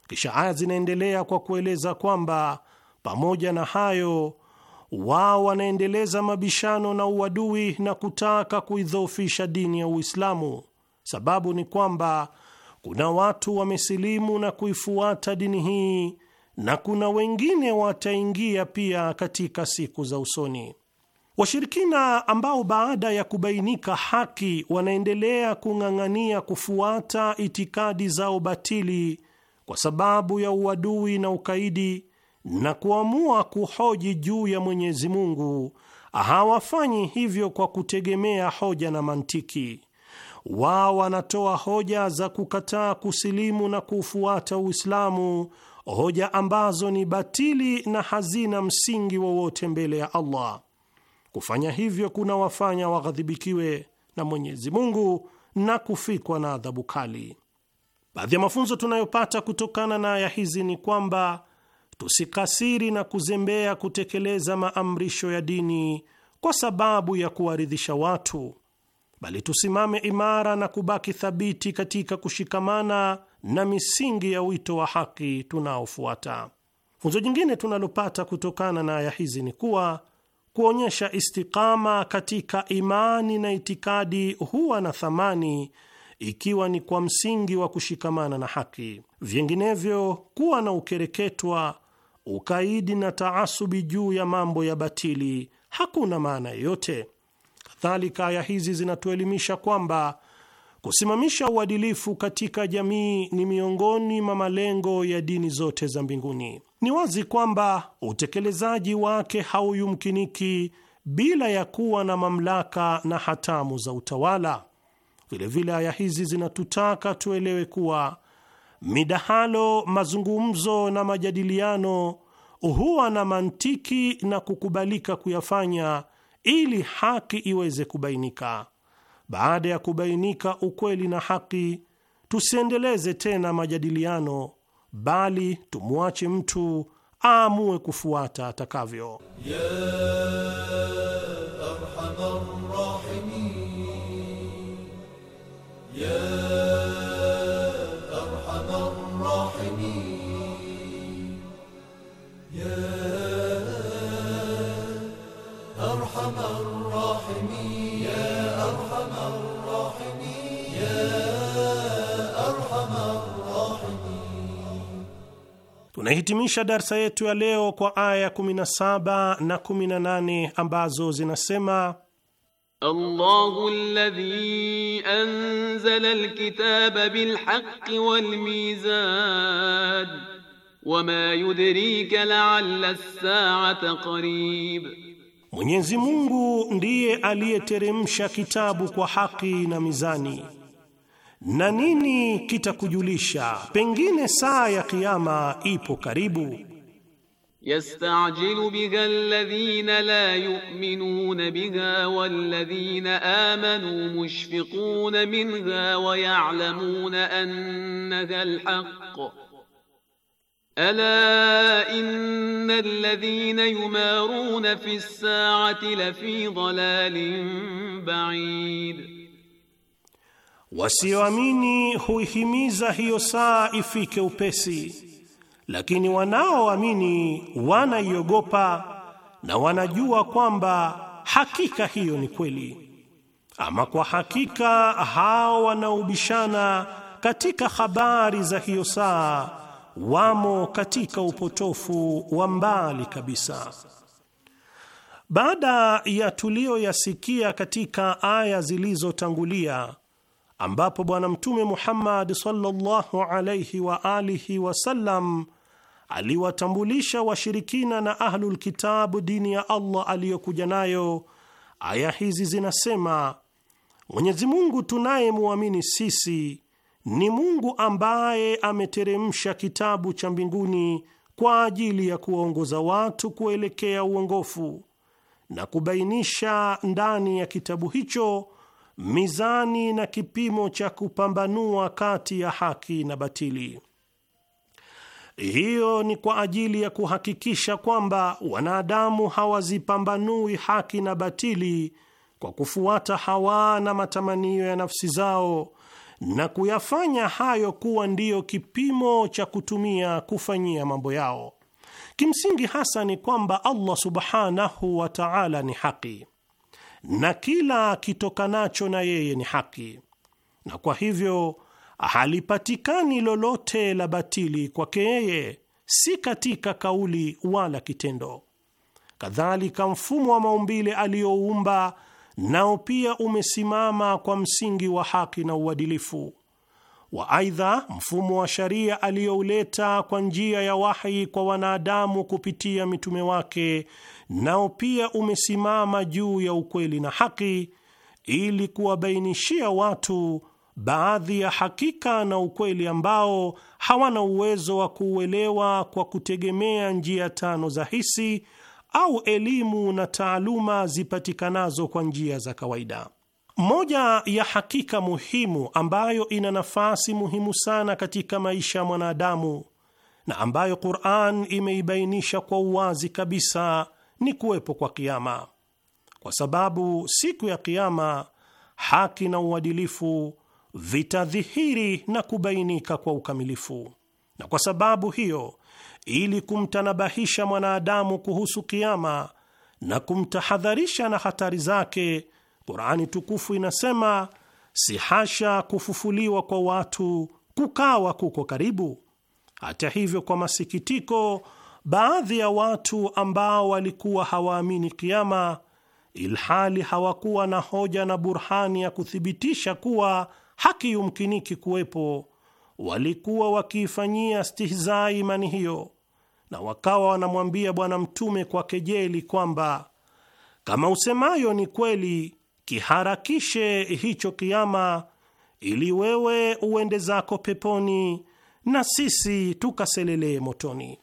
[SPEAKER 2] Kisha aya zinaendelea kwa kueleza kwamba pamoja na hayo, wao wanaendeleza mabishano na uadui na kutaka kuidhoofisha dini ya Uislamu. Sababu ni kwamba kuna watu wamesilimu na kuifuata dini hii na kuna wengine wataingia pia katika siku za usoni. Washirikina ambao baada ya kubainika haki wanaendelea kung'ang'ania kufuata itikadi zao batili kwa sababu ya uadui na ukaidi na kuamua kuhoji juu ya Mwenyezi Mungu, hawafanyi hivyo kwa kutegemea hoja na mantiki, wao wanatoa hoja za kukataa kusilimu na kuufuata Uislamu, hoja ambazo ni batili na hazina msingi wowote mbele ya Allah. Kufanya hivyo kuna wafanya waghadhibikiwe na Mwenyezi Mungu na kufikwa na adhabu kali. Baadhi ya mafunzo tunayopata kutokana na aya hizi ni kwamba tusikasiri na kuzembea kutekeleza maamrisho ya dini kwa sababu ya kuwaridhisha watu, bali tusimame imara na kubaki thabiti katika kushikamana na misingi ya wito wa haki tunaofuata. Funzo jingine tunalopata kutokana na aya hizi ni kuwa kuonyesha istikama katika imani na itikadi huwa na thamani ikiwa ni kwa msingi wa kushikamana na haki. Vinginevyo, kuwa na ukereketwa, ukaidi na taasubi juu ya mambo ya batili hakuna maana yoyote. Kadhalika, aya hizi zinatuelimisha kwamba kusimamisha uadilifu katika jamii ni miongoni mwa malengo ya dini zote za mbinguni. Ni wazi kwamba utekelezaji wake hauyumkiniki bila ya kuwa na mamlaka na hatamu za utawala. Vilevile, aya hizi zinatutaka tuelewe kuwa midahalo, mazungumzo na majadiliano huwa na mantiki na kukubalika kuyafanya ili haki iweze kubainika. Baada ya kubainika ukweli na haki, tusiendeleze tena majadiliano, bali tumwache mtu aamue kufuata atakavyo yeah, Tunahitimisha darsa yetu ya leo kwa aya 17 na 18 ambazo zinasema
[SPEAKER 6] Allahu alladhi anzala alkitaba bilhaqqi walmizan wama yudrika la'alla as-sa'ata qarib,
[SPEAKER 2] Mwenyezi Mungu ndiye aliyeteremsha kitabu kwa haki na mizani Na nini kitakujulisha pengine saa ya kiyama ipo karibu?
[SPEAKER 6] Yastajilu biha alladhina la yu'minuna biha walladhina amanu mushfiquna minha wa ya'lamuna annaha alhaq Ala inna alladhina yumaruna fi as-sa'ati lafi dhalalin ba'id
[SPEAKER 2] Wasioamini huihimiza hiyo saa ifike upesi, lakini wanaoamini wanaiogopa na wanajua kwamba hakika hiyo ni kweli. Ama kwa hakika hao wanaobishana katika habari za hiyo saa wamo katika upotofu wa mbali kabisa. Baada ya tuliyoyasikia katika aya zilizotangulia ambapo Bwana Mtume Muhammad sallallahu alayhi wa alihi wasallam aliwatambulisha washirikina na ahlul kitabu dini ya Allah aliyokuja nayo. Aya hizi zinasema Mwenyezi Mungu tunayemwamini sisi ni Mungu ambaye ameteremsha kitabu cha mbinguni kwa ajili ya kuwaongoza watu kuelekea uongofu na kubainisha ndani ya kitabu hicho mizani na kipimo cha kupambanua kati ya haki na batili. Hiyo ni kwa ajili ya kuhakikisha kwamba wanadamu hawazipambanui haki na batili kwa kufuata hawa na matamanio ya nafsi zao na kuyafanya hayo kuwa ndiyo kipimo cha kutumia kufanyia mambo yao. Kimsingi hasa ni kwamba Allah subhanahu wa ta'ala ni haki na kila kitokanacho na yeye ni haki, na kwa hivyo halipatikani lolote la batili kwake yeye, si katika kauli wala kitendo. Kadhalika, mfumo wa maumbile aliyoumba nao pia umesimama kwa msingi wa haki na uadilifu wa. Aidha, mfumo wa sharia aliyouleta kwa njia ya wahi kwa wanadamu kupitia mitume wake nao pia umesimama juu ya ukweli na haki, ili kuwabainishia watu baadhi ya hakika na ukweli ambao hawana uwezo wa kuuelewa kwa kutegemea njia tano za hisi au elimu na taaluma zipatikanazo kwa njia za kawaida. Moja ya hakika muhimu ambayo ina nafasi muhimu sana katika maisha ya mwanadamu na ambayo Qur'an imeibainisha kwa uwazi kabisa ni kuwepo kwa kiama, kwa sababu siku ya kiama haki na uadilifu vitadhihiri na kubainika kwa ukamilifu. Na kwa sababu hiyo, ili kumtanabahisha mwanadamu kuhusu kiama na kumtahadharisha na hatari zake, Qur'ani tukufu inasema si hasha kufufuliwa kwa watu kukawa kuko karibu. Hata hivyo, kwa masikitiko baadhi ya watu ambao walikuwa hawaamini kiama, ilhali hawakuwa na hoja na burhani ya kuthibitisha kuwa haki yumkiniki kuwepo, walikuwa wakiifanyia stihzaa imani hiyo, na wakawa wanamwambia Bwana Mtume kwa kejeli kwamba kama usemayo ni kweli, kiharakishe hicho kiama ili wewe uende zako peponi na sisi tukaselelee motoni.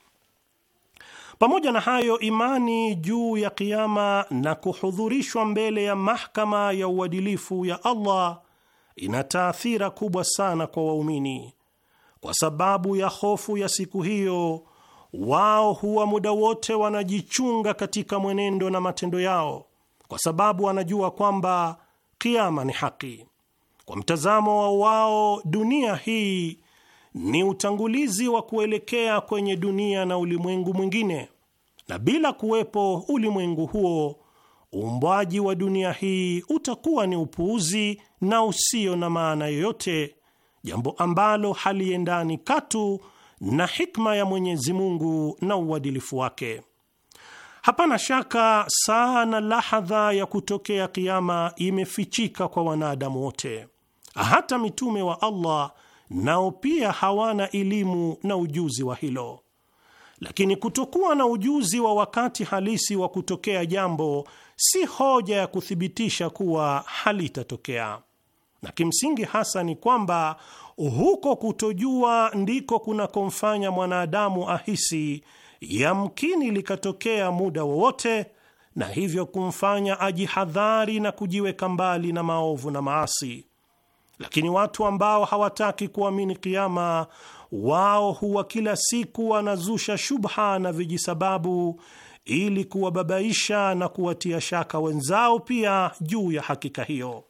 [SPEAKER 2] Pamoja na hayo, imani juu ya kiama na kuhudhurishwa mbele ya mahakama ya uadilifu ya Allah ina taathira kubwa sana kwa waumini. Kwa sababu ya hofu ya siku hiyo, wao huwa muda wote wanajichunga katika mwenendo na matendo yao, kwa sababu wanajua kwamba kiama ni haki. Kwa mtazamo wa wao, dunia hii ni utangulizi wa kuelekea kwenye dunia na ulimwengu mwingine, na bila kuwepo ulimwengu huo, uumbwaji wa dunia hii utakuwa ni upuuzi na usio na maana yoyote, jambo ambalo haliendani katu na hikma ya Mwenyezi Mungu na uadilifu wake. Hapana shaka saa na lahadha ya kutokea kiama imefichika kwa wanadamu wote. Hata mitume wa Allah nao pia hawana elimu na ujuzi wa hilo. Lakini kutokuwa na ujuzi wa wakati halisi wa kutokea jambo si hoja ya kuthibitisha kuwa halitatokea, na kimsingi hasa ni kwamba huko kutojua ndiko kunakomfanya mwanadamu ahisi yamkini likatokea muda wowote, na hivyo kumfanya ajihadhari na kujiweka mbali na maovu na maasi. Lakini watu ambao hawataki kuamini kiama, wao huwa kila siku wanazusha shubha na vijisababu ili kuwababaisha na kuwatia shaka wenzao pia juu ya hakika hiyo.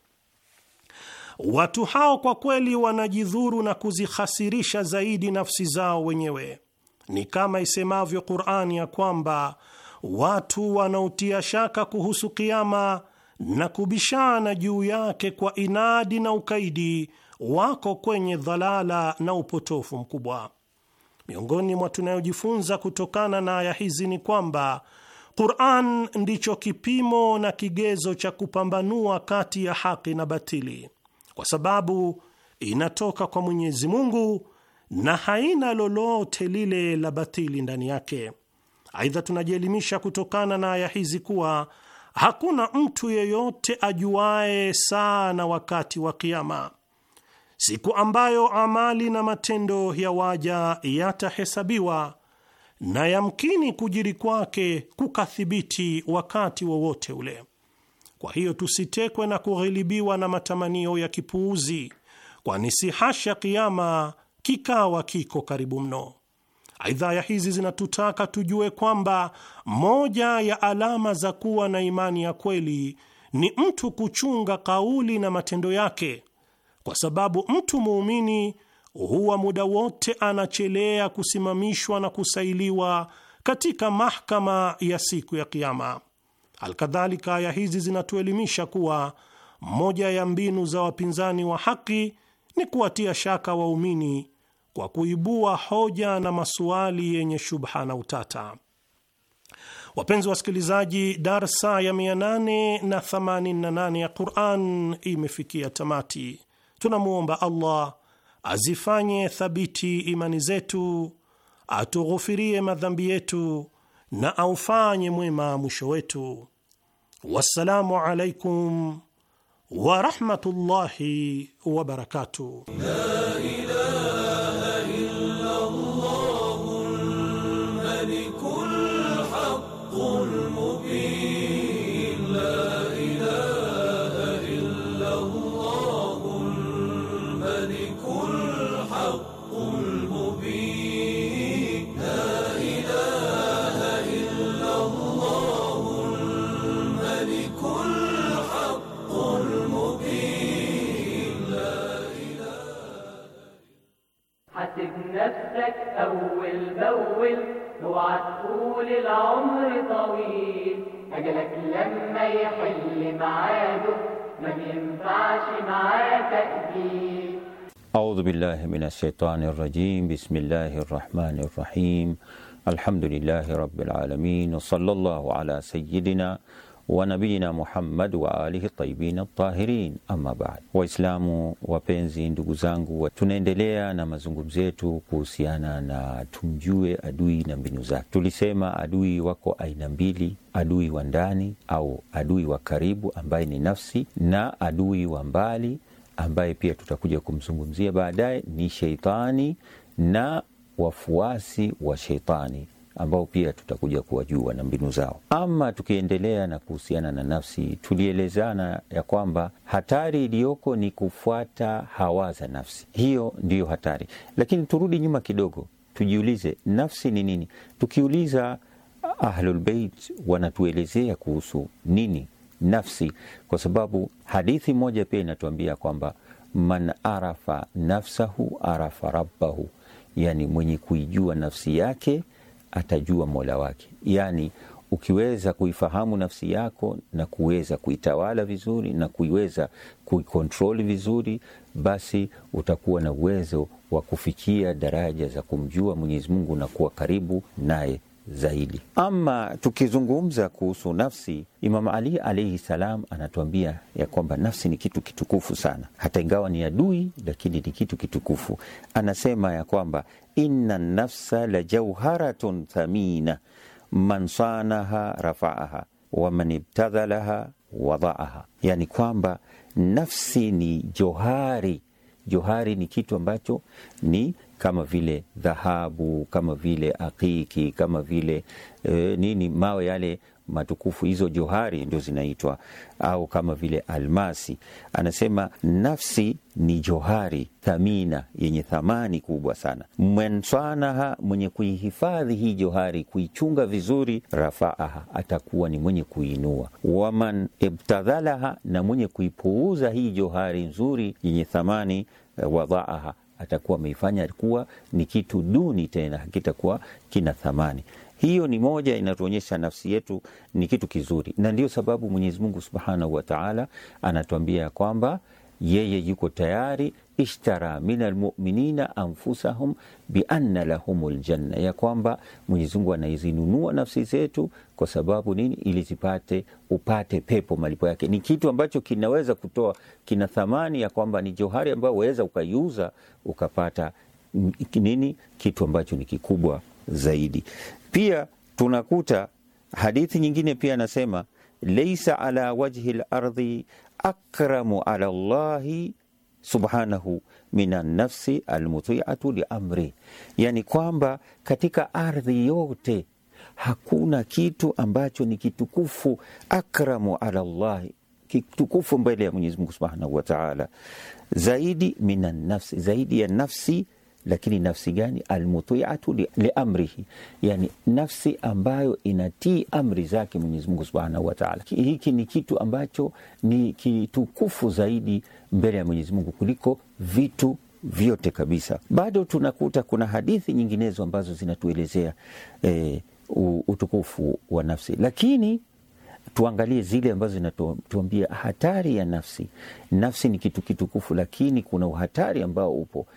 [SPEAKER 2] Watu hao kwa kweli wanajidhuru na kuzikhasirisha zaidi nafsi zao wenyewe. Ni kama isemavyo Qur'ani ya kwamba watu wanaotia shaka kuhusu kiama na kubishana juu yake kwa inadi na ukaidi, wako kwenye dhalala na upotofu mkubwa. Miongoni mwa tunayojifunza kutokana na aya hizi ni kwamba Qur'an ndicho kipimo na kigezo cha kupambanua kati ya haki na batili, kwa sababu inatoka kwa Mwenyezi Mungu na haina lolote lile la batili ndani yake. Aidha, tunajielimisha kutokana na aya hizi kuwa Hakuna mtu yeyote ajuaye saa na wakati wa Kiama, siku ambayo amali na matendo ya waja yatahesabiwa, na yamkini kujiri kwake kukathibiti wakati wowote ule. Kwa hiyo tusitekwe na kughilibiwa na matamanio ya kipuuzi, kwani si hasha Kiama kikawa kiko karibu mno. Aidha, aya hizi zinatutaka tujue kwamba moja ya alama za kuwa na imani ya kweli ni mtu kuchunga kauli na matendo yake, kwa sababu mtu muumini huwa muda wote anachelea kusimamishwa na kusailiwa katika mahakama ya siku ya Kiama. Alkadhalika, aya hizi zinatuelimisha kuwa moja ya mbinu za wapinzani wa haki ni kuwatia shaka waumini kwa kuibua hoja na masuali yenye shubha na utata. Wapenzi wasikilizaji, darsa ya 888 ya Quran imefikia tamati. Tunamwomba Allah azifanye thabiti imani zetu, atughufirie madhambi yetu na aufanye mwema mwisho wetu. Wassalamu alaikum warahmatullahi wabarakatuh.
[SPEAKER 6] طول العمر طويل أجلك لما يحل معاده ما بينفعش معاه
[SPEAKER 3] تأجيل
[SPEAKER 1] أعوذ بالله من الشيطان الرجيم بسم الله الرحمن الرحيم الحمد لله رب العالمين وصلى الله على سيدنا wanabiyina Muhammad wa alihi tayyibin tahirin. Amma baad, Waislamu wapenzi, ndugu zangu, tunaendelea na mazungumzo yetu kuhusiana na tumjue adui na mbinu zake. Tulisema adui wako aina mbili, adui wa ndani au adui wa karibu ambaye ni nafsi, na adui wa mbali ambaye pia tutakuja kumzungumzia baadaye ni sheitani na wafuasi wa sheitani ambao pia tutakuja kuwajua na mbinu zao. Ama tukiendelea na kuhusiana na nafsi, tulielezana ya kwamba hatari iliyoko ni kufuata hawa za nafsi, hiyo ndiyo hatari. Lakini turudi nyuma kidogo, tujiulize nafsi ni nini? Tukiuliza Ahlulbeit wanatuelezea kuhusu nini nafsi, kwa sababu hadithi moja pia inatuambia kwamba man arafa nafsahu arafa rabbahu, yani mwenye kuijua nafsi yake atajua mola wake. Yani, ukiweza kuifahamu nafsi yako na kuweza kuitawala vizuri na kuiweza kuikontroli vizuri, basi utakuwa na uwezo wa kufikia daraja za kumjua Mwenyezi Mungu na kuwa karibu naye zaidi. Ama tukizungumza kuhusu nafsi, Imam Ali alaihi salam anatuambia ya kwamba nafsi ni kitu kitukufu sana, hata ingawa ni adui, lakini ni kitu kitukufu. Anasema ya kwamba inna nafsa la jauharatun thamina man sanaha rafaaha wa man ibtadhalaha wadaaha, yani kwamba nafsi ni johari. Johari ni kitu ambacho ni kama vile dhahabu, kama vile akiki, kama vile e, nini, mawe yale matukufu, hizo johari ndio zinaitwa, au kama vile almasi. Anasema nafsi ni johari thamina, yenye thamani kubwa sana. Mwenswanaha, mwenye kuihifadhi hii johari, kuichunga vizuri, rafaaha, atakuwa ni mwenye kuinua. Waman ibtadhalaha, na mwenye kuipuuza hii johari nzuri yenye thamani, eh, wadhaaha atakuwa ameifanya kuwa ni kitu duni, tena hakitakuwa kina thamani. Hiyo ni moja, inatuonyesha nafsi yetu ni kitu kizuri, na ndio sababu Mwenyezi Mungu Subhanahu wa Ta'ala anatuambia kwamba yeye yuko tayari ishtara min almuminina anfusahum bianna lahum ljanna, ya kwamba Mwenyezi Mungu anazinunua nafsi zetu kwa sababu nini? Ili zipate upate pepo, malipo yake ni kitu ambacho kinaweza kutoa, kina thamani ya kwamba ni johari ambayo waweza ukaiuza ukapata nini, kitu ambacho ni kikubwa zaidi. Pia tunakuta hadithi nyingine pia anasema, leisa ala wajhi lardhi akramu ala llahi subhanahu mina nafsi almutiatu liamri, yani kwamba katika ardhi yote hakuna kitu ambacho ni kitukufu akramu ala llahi kitukufu mbele ya Mwenyezi Mungu subhanahu wa taala zaidi minanafsi nafsi, zaidi ya nafsi lakini nafsi gani? Almutiatu liamrihi, yani nafsi ambayo inatii amri zake Mwenyezi Mungu subhanahu wataala Hiki ni kitu ambacho ni kitukufu zaidi mbele ya Mwenyezi Mungu kuliko vitu vyote kabisa. Bado tunakuta kuna hadithi nyinginezo ambazo zinatuelezea e, utukufu wa nafsi, lakini tuangalie zile ambazo zinatuambia hatari ya nafsi. Nafsi ni kitu kitukufu, lakini kuna uhatari ambao upo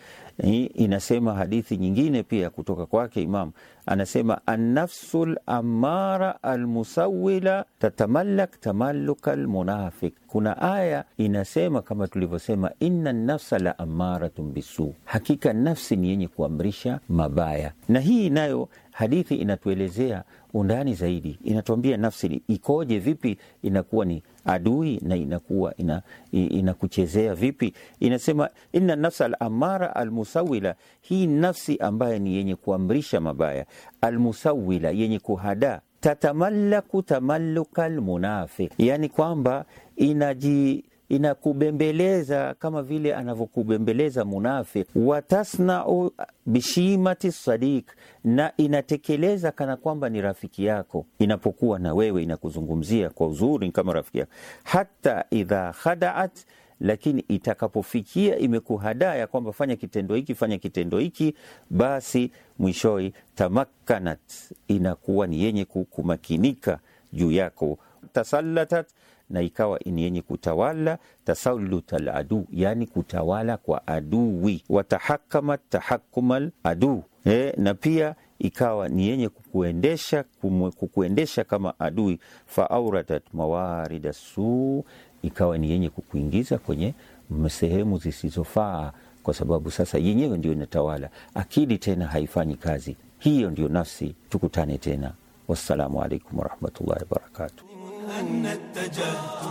[SPEAKER 1] Inasema hadithi nyingine pia kutoka kwake Imam anasema, annafsu lamara almusawila tatamallak tamaluka lmunafik. Kuna aya inasema kama tulivyosema, inna nafsa la amaratun bisu, hakika nafsi ni yenye kuamrisha mabaya. Na hii nayo hadithi inatuelezea undani zaidi, inatuambia nafsi ikoje, vipi inakuwa ni adui na inakuwa ina, inakuchezea vipi? Inasema inna nafsa alamara almusawila, hii nafsi ambaye ni yenye kuamrisha mabaya, almusawila yenye kuhada tatamallaku tamalluka almunafiq, yani kwamba inaji inakubembeleza kama vile anavyokubembeleza munafik. Watasnau bishimati sadik, na inatekeleza kana kwamba ni rafiki yako, inapokuwa na wewe inakuzungumzia kwa uzuri kama rafiki yako. Hata idha khadaat lakini itakapofikia imekuhadaa ya kwamba fanya kitendo hiki, fanya kitendo hiki, basi mwishoi tamakkanat, inakuwa ni yenye kumakinika juu yako. tasallatat na ikawa ni yenye kutawala tasallut aladu, yani kutawala kwa adui, watahakama tahakuma adu e, eh, na pia ikawa ni yenye kukuendesha kukuendesha kama adui. Faauratat mawarida suu, ikawa ni yenye kukuingiza kwenye sehemu zisizofaa, kwa sababu sasa yenyewe ndio inatawala, akili tena haifanyi kazi. Hiyo ndio nafsi. Tukutane tena, wassalamu alaikum warahmatullahi wabarakatu.
[SPEAKER 6] أن اتجهت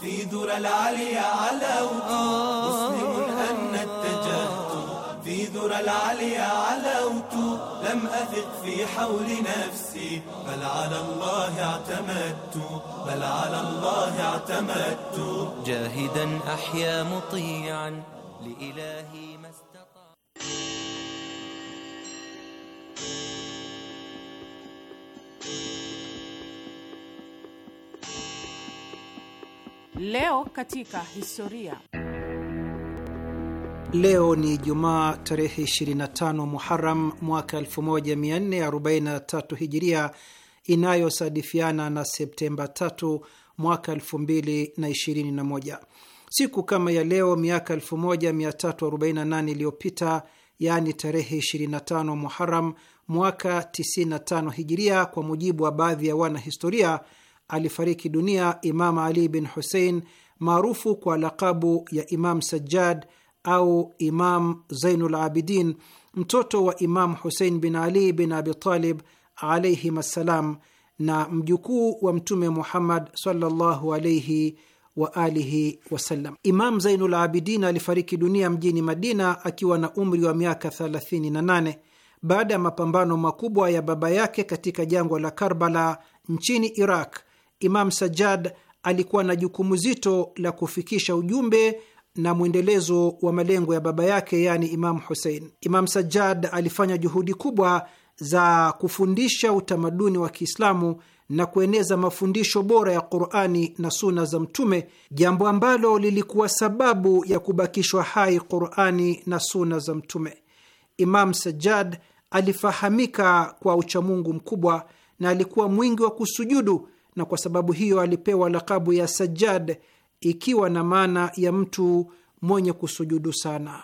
[SPEAKER 6] في ذرى العلي علوت مسلم أن اتجهت في ذرى العلي علوت لم أثق في حول نفسي بل على الله اعتمدت
[SPEAKER 3] بل على الله اعتمدت
[SPEAKER 6] جاهدا أحيا مطيعا لإلهي ما استطعت
[SPEAKER 3] Leo katika historia.
[SPEAKER 7] Leo ni Jumaa tarehe 25 Muharam mwaka 1443 Hijiria, inayosadifiana na Septemba 3 mwaka 2021. Siku kama ya leo miaka 1348 iliyopita, yaani tarehe 25 Muharam mwaka 95 Hijiria, kwa mujibu wa baadhi ya wanahistoria alifariki dunia Imam Ali bin Husein maarufu kwa lakabu ya Imam Sajjad au Imam Zainul Abidin, mtoto wa Imam Husein bin Ali bin Abitalib alaihim assalam, na mjukuu wa Mtume Muhammad sallallahu alaihi wa alihi wasallam. Imam Zainul Abidin alifariki dunia mjini Madina akiwa na umri wa miaka 38 baada ya mapambano makubwa ya baba yake katika jangwa la Karbala nchini Iraq Imam Sajjad alikuwa na jukumu zito la kufikisha ujumbe na mwendelezo wa malengo ya baba yake, yaani Imam Husein. Imam Sajjad alifanya juhudi kubwa za kufundisha utamaduni wa Kiislamu na kueneza mafundisho bora ya Qurani na suna za Mtume, jambo ambalo lilikuwa sababu ya kubakishwa hai Qurani na suna za Mtume. Imam Sajjad alifahamika kwa uchamungu mkubwa na alikuwa mwingi wa kusujudu na kwa sababu hiyo alipewa lakabu ya Sajjad, ikiwa na maana ya mtu mwenye kusujudu sana.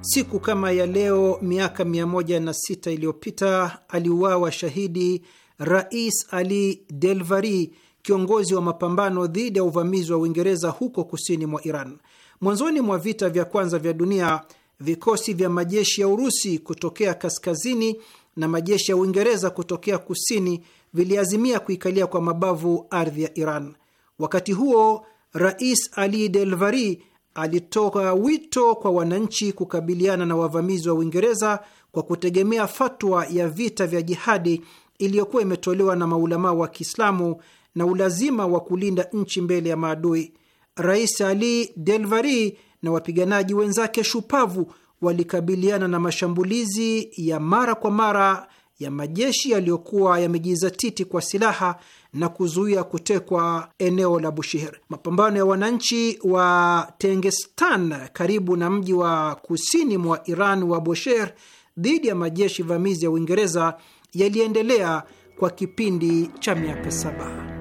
[SPEAKER 7] Siku kama ya leo miaka 106 iliyopita aliuawa shahidi Rais Ali Delvari, kiongozi wa mapambano dhidi ya uvamizi wa Uingereza huko kusini mwa Iran. Mwanzoni mwa vita vya kwanza vya dunia, vikosi vya majeshi ya Urusi kutokea kaskazini na majeshi ya Uingereza kutokea kusini viliazimia kuikalia kwa mabavu ardhi ya Iran. Wakati huo, Rais Ali Delvari alitoa wito kwa wananchi kukabiliana na wavamizi wa Uingereza kwa kutegemea fatwa ya vita vya jihadi iliyokuwa imetolewa na maulamaa wa Kiislamu na ulazima wa kulinda nchi mbele ya maadui. Rais Ali Delvari na wapiganaji wenzake shupavu walikabiliana na mashambulizi ya mara kwa mara ya majeshi yaliyokuwa yamejizatiti kwa silaha na kuzuia kutekwa eneo la Bushehr. Mapambano ya wananchi wa Tengestan karibu na mji wa kusini mwa Iran wa Bushehr dhidi ya majeshi vamizi ya Uingereza yaliendelea kwa kipindi cha miaka saba.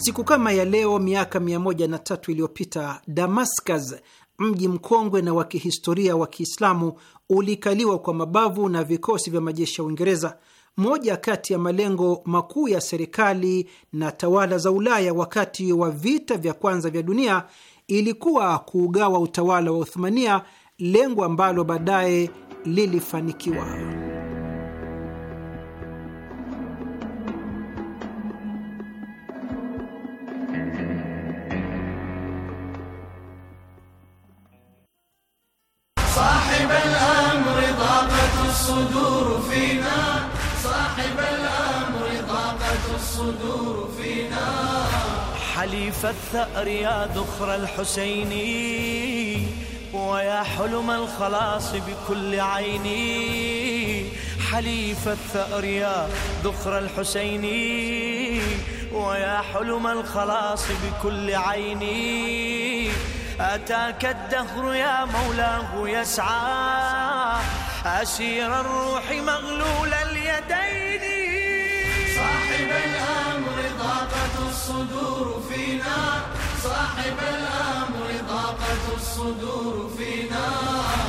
[SPEAKER 7] Siku kama ya leo miaka 13 iliyopita Damascus, mji mkongwe na wa kihistoria wa Kiislamu, ulikaliwa kwa mabavu na vikosi vya majeshi ya Uingereza. Moja kati ya malengo makuu ya serikali na tawala za Ulaya wakati wa vita vya kwanza vya dunia ilikuwa kuugawa utawala wa Uthmania, lengo ambalo baadaye lilifanikiwa.
[SPEAKER 3] الصدور فينا صاحب الأمر طاقة الصدور فينا
[SPEAKER 6] حليف الثأر يا ذخر الحسين ويا حلم الخلاص بكل عيني حليف الثأر يا ذخر الحسين ويا حلم الخلاص بكل عيني أتاك الدهر يا مولاه يسعى أسير الروح مغلول اليدين صاحب الأمر ضاقت الصدور فينا
[SPEAKER 3] صاحب الأمر ضاقت الصدور فينا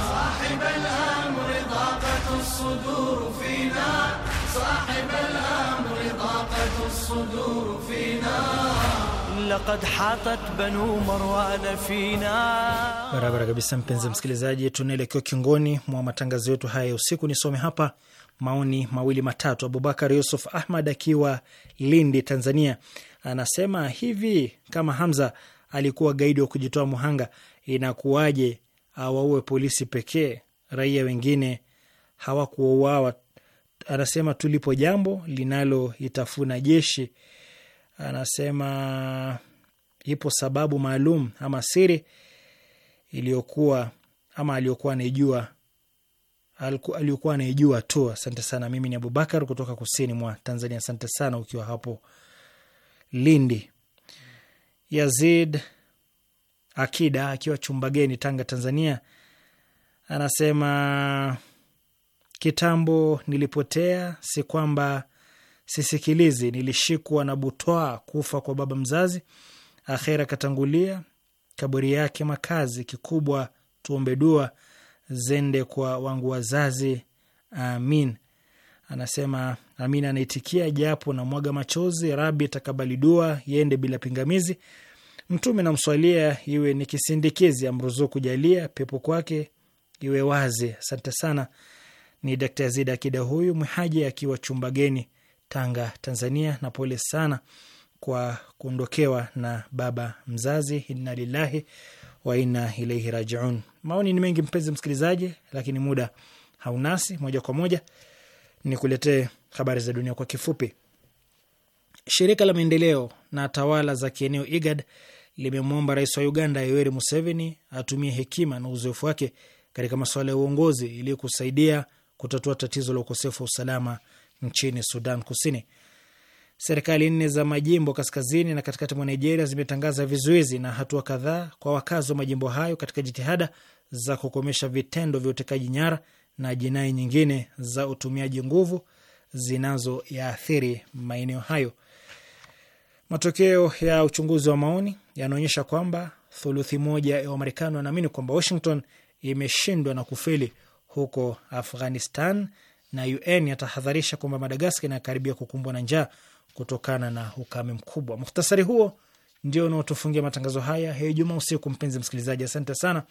[SPEAKER 3] صاحب الأمر ضاقت الصدور فينا صاحب الأمر
[SPEAKER 6] ضاقت الصدور فينا laqad hatat banu marwana fina.
[SPEAKER 4] Barabara kabisa, mpenzi msikilizaji, tunaelekea kiongoni mwa matangazo yetu haya ya usiku. Nisome hapa maoni mawili matatu. Abubakar Yusuf Ahmad akiwa Lindi, Tanzania, anasema hivi, kama Hamza alikuwa gaidi wa kujitoa muhanga, inakuwaje awaue polisi pekee, raia wengine hawakuouawa? Anasema tulipo jambo linaloitafuna jeshi anasema ipo sababu maalum ama siri iliyokuwa ama aliyokuwa anaijua aliyokuwa anaijua tu. Asante sana. Mimi ni Abubakar kutoka kusini mwa Tanzania. Asante sana ukiwa hapo Lindi. Yazid Akida akiwa Chumbageni, Tanga, Tanzania, anasema kitambo nilipotea, si kwamba sisikilizi, nilishikwa na butwaa, kufa kwa baba mzazi, akhera katangulia, kaburi yake makazi, kikubwa tuombe dua zende kwa wangu wazazi, amin. Anasema amin, anaitikia japo na mwaga machozi, rabi takabali dua yende bila pingamizi, mtume namswalia iwe ni kisindikizi, amruzuku jalia, pepo kwake iwe wazi. Asante sana. Ni Dkt Zida Akida huyu mhaji akiwa chumba geni Tanga, Tanzania, na pole sana kwa kuondokewa na baba mzazi. Inna lillahi wa inna ilaihi rajiun. Maoni ni mengi mpenzi msikilizaji, lakini muda haunasi. Moja kwa moja ni kuletee habari za dunia kwa kifupi. Shirika la maendeleo na tawala za kieneo IGAD limemwomba rais wa Uganda Yoweri Museveni atumie hekima na uzoefu wake katika masuala ya uongozi ili kusaidia kutatua tatizo la ukosefu wa usalama nchini Sudan Kusini. Serikali nne za majimbo kaskazini na katikati mwa Nigeria zimetangaza vizuizi na hatua kadhaa kwa wakazi wa majimbo hayo katika jitihada za kukomesha vitendo vya utekaji nyara na jinai nyingine za utumiaji nguvu zinazoyaathiri maeneo hayo. Matokeo ya uchunguzi wa maoni yanaonyesha kwamba thuluthi moja ya Wamarekani wanaamini kwamba Washington imeshindwa na kufeli huko Afghanistan na UN yatahadharisha kwamba Madagaskar inakaribia kukumbwa na njaa kutokana na ukame mkubwa. Muhtasari huo ndio unaotufungia matangazo haya ya Ijumaa usiku. Mpenzi msikilizaji, asante sana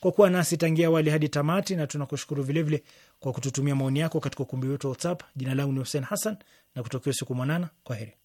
[SPEAKER 4] kwa kuwa nasi tangia awali hadi tamati, na tunakushukuru vilevile kwa kututumia maoni yako katika ukumbi wetu wa WhatsApp. Jina langu ni Hussein Hassan na kutokea usiku mwanana. Kwa heri.